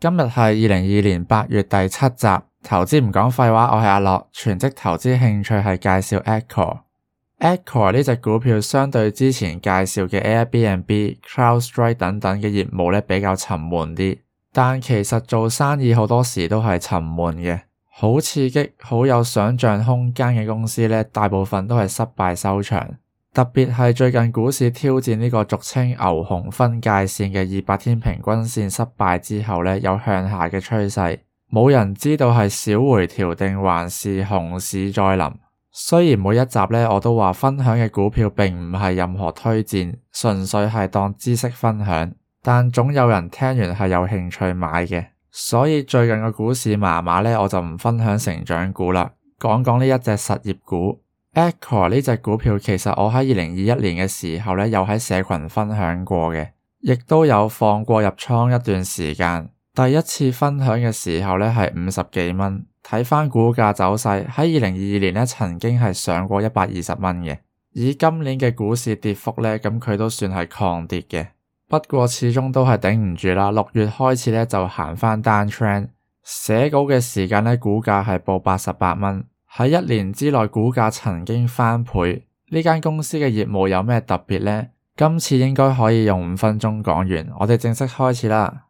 今日係二零二二年八月第七集投資唔講廢話，我係阿樂，全職投資興趣係介紹 Atkore。Atkore 呢隻股票相對之前介紹嘅 Airbnb、CrowdStrike 等等嘅業務咧，比較沉悶啲。但其實做生意好多時都係沉悶嘅，好刺激、好有想象空間嘅公司咧，大部分都係失敗收場。特別係最近股市挑戰呢個俗稱牛熊分界線嘅二百天平均線失敗之後呢，有向下嘅趨勢，冇人知道係小回調定還是熊市再臨。雖然每一集呢我都話分享嘅股票並唔係任何推薦，純粹係當知識分享，但總有人聽完係有興趣買嘅。所以最近嘅股市麻麻呢，我就唔分享成長股啦，講講呢一隻實業股。Atkore 呢隻股票，其實我喺二零二一年嘅時候咧，有喺社群分享過嘅，亦都有放過入倉一段時間。第一次分享嘅時候咧係五十幾蚊，睇翻股價走勢喺二零二二年咧，曾經係上過一百二十蚊嘅。以今年嘅股市跌幅咧，咁佢都算係抗跌嘅。不過始終都係頂唔住啦，六月開始咧就行翻 downtrend 寫稿嘅時間咧，股價係報八十八蚊。喺一年之內，股價曾經翻倍。呢間公司嘅業務有咩特別呢？今次應該可以用五分鐘講完。我哋正式開始啦。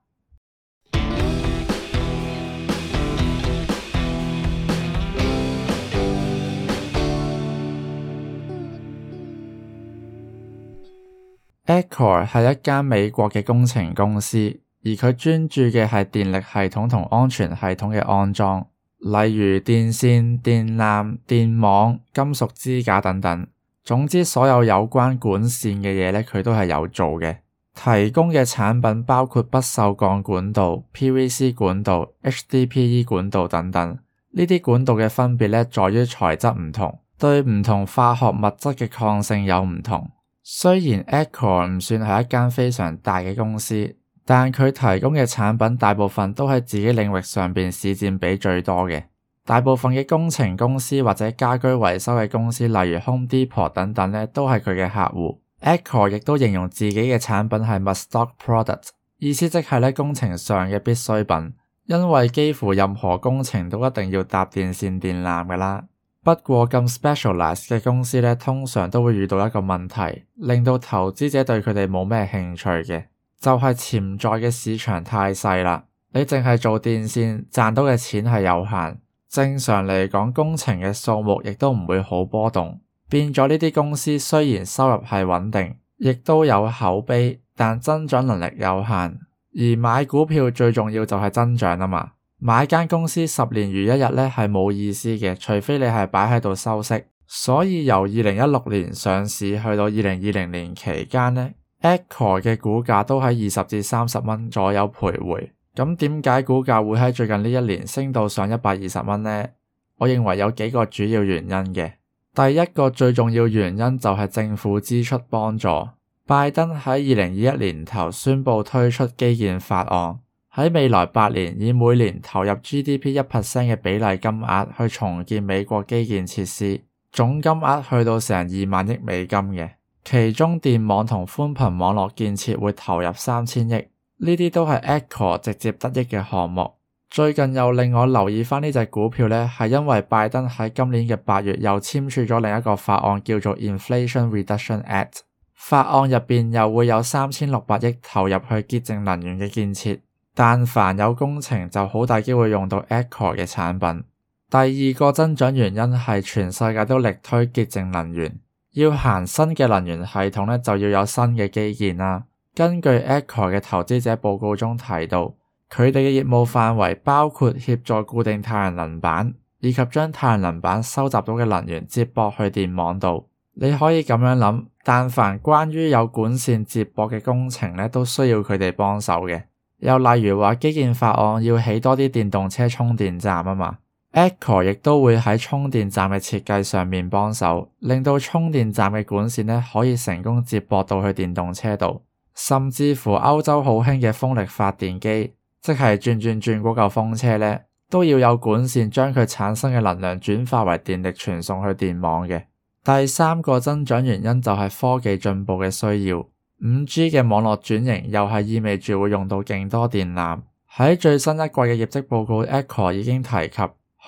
Atkore 係一間美國嘅工程公司，而佢專注嘅係電力系統同安全系統嘅安裝。例如電線、電纜、電網、金屬支架等等，總之所有有關管線嘅嘢咧，佢都係有做嘅。提供嘅產品包括不銹鋼管道、PVC 管道、HDPE 管道等等。呢啲管道嘅分別咧，在於材質唔同，對唔同化學物質嘅抗性有唔同。雖然 Atkore 唔算係一間非常大嘅公司。但佢提供嘅產品大部分都喺自己領域上邊市佔比最多嘅。大部分嘅工程公司或者家居維修嘅公司，例如 Home Depot 等等咧，都係佢嘅客戶。Atkore 亦都形容自己嘅產品係 must-stock product，意思即係咧，工程上嘅必需品，因為幾乎任何工程都一定要搭電線電纜噶啦。不過咁 specialized 嘅公司咧，通常都會遇到一個問題，令到投資者對佢哋冇咩興趣嘅。就係潛在嘅市場太細啦，你淨係做電線，賺到嘅錢係有限。正常嚟講，工程嘅數目亦都唔會好波動，變咗呢啲公司雖然收入係穩定，亦都有口碑，但增長能力有限。而買股票最重要就係增長啊嘛，買間公司十年如一日咧係冇意思嘅，除非你係擺喺度收息。所以由二零一六年上市去到二零二零年期間咧。Echo 嘅股價都喺二十至三十蚊左右徘徊，咁點解股價會喺最近呢一年升到上一百二十蚊呢？我認為有幾個主要原因嘅。第一個最重要原因就係政府支出幫助。拜登喺二零二一年頭宣布推出基建法案，喺未來八年以每年投入 GDP 一 percent 嘅比例金額去重建美國基建設施，總金額去到成二萬億美金嘅。其中電網同寬頻網絡建設會投入三千億，呢啲都係 Atkore 直接得益嘅項目。最近又令我留意返呢隻股票呢，係因為拜登喺今年嘅八月又簽署咗另一個法案，叫做 Inflation Reduction Act。法案入邊又會有三千六百億投入去潔淨能源嘅建設，但凡有工程就好大機會用到 Atkore 嘅產品。第二個增長原因係全世界都力推潔淨能源。要行新嘅能源系統咧，就要有新嘅基建啦。根據 Atkore 嘅投資者報告中提到，佢哋嘅業務範圍包括協助固定太陽能板，以及將太陽能板收集到嘅能源接駁去電網度。你可以咁樣諗，但凡關於有管綫接駁嘅工程咧，都需要佢哋幫手嘅。又例如話基建法案要起多啲電動車充電站啊嘛。Echo 亦都會喺充電站嘅設計上面幫手，令到充電站嘅管線咧可以成功接駁到去電動車度，甚至乎歐洲好興嘅風力發電機，即係轉轉轉嗰嚿風車呢，都要有管線將佢產生嘅能量轉化為電力，傳送去電網嘅。第三個增長原因就係科技進步嘅需要，五 G 嘅網絡轉型又係意味住會用到勁多電纜。喺最新一季嘅業績報告，Echo 已經提及。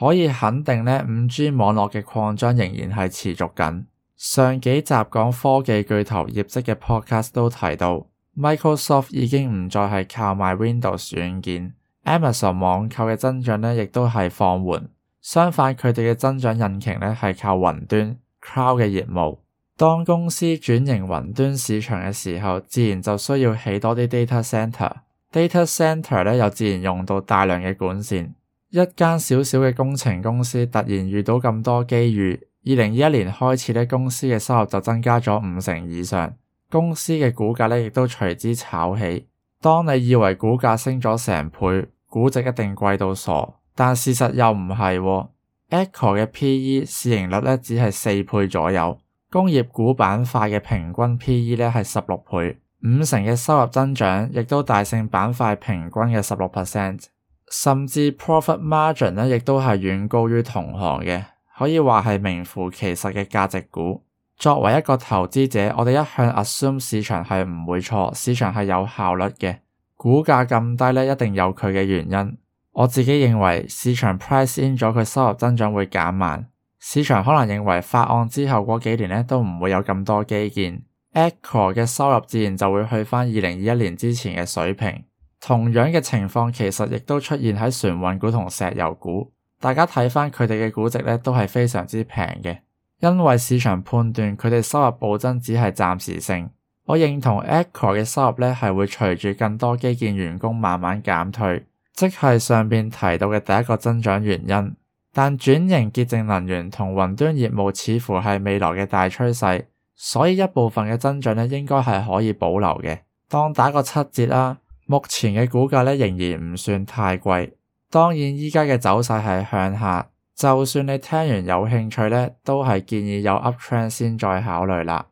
可以肯定呢五 G 網絡嘅擴張仍然係持續緊。上幾集講科技巨頭業績嘅 podcast 都提到，Microsoft 已經唔再係靠賣 Windows 軟件，Amazon 網購嘅增長呢亦都係放緩。相反，佢哋嘅增長引擎呢係靠雲端 cloud 嘅業務。當公司轉型雲端市場嘅時候，自然就需要起多啲 data center。data center 呢又自然用到大量嘅管線。一間小小嘅工程公司突然遇到咁多機遇，二零二一年開始呢公司嘅收入就增加咗五成以上，公司嘅股價呢亦都隨之炒起。當你以為股價升咗成倍，估值一定貴到傻，但事實又唔係喎。Atkore 嘅 P/E 市盈率呢只係四倍左右，工業股板塊嘅平均 P/E 呢係十六倍，五成嘅收入增長亦都大勝板塊平均嘅十六 percent。甚至 profit margin 呢亦都係遠高於同行嘅，可以話係名副其實嘅價值股。作為一個投資者，我哋一向 assume 市場係唔會錯，市場係有效率嘅。股價咁低咧，一定有佢嘅原因。我自己認為市場 price in 咗佢收入增長會減慢，市場可能認為法案之後嗰幾年咧都唔會有咁多基建，Atkore 嘅收入自然就會去翻二零二一年之前嘅水平。同樣嘅情況其實亦都出現喺船運股同石油股，大家睇翻佢哋嘅估值咧，都係非常之平嘅，因為市場判斷佢哋收入暴增只係暫時性。我認同 Atkore 嘅收入咧係會隨住更多基建員工慢慢減退，即係上邊提到嘅第一個增長原因。但轉型潔淨能源同雲端業務似乎係未來嘅大趨勢，所以一部分嘅增長咧應該係可以保留嘅，當打個七折啦，啊。目前嘅股價咧仍然唔算太貴，當然而家嘅走勢係向下，就算你聽完有興趣咧，都係建議有 uptrend 先再考慮啦。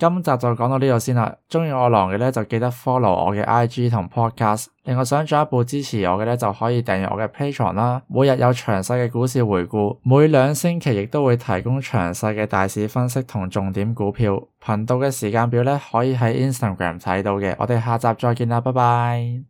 今集就講到呢度先啦，鍾意我郎嘅咧就記得 follow 我嘅 IG 同 podcast，另外想進一步支持我嘅咧就可以訂閱我嘅 Patreon 啦。每日有詳細嘅股市回顧，每兩星期亦都會提供詳細嘅大市分析同重點股票。頻道嘅時間表咧可以喺 Instagram 睇到嘅。我哋下集再見啦，拜拜。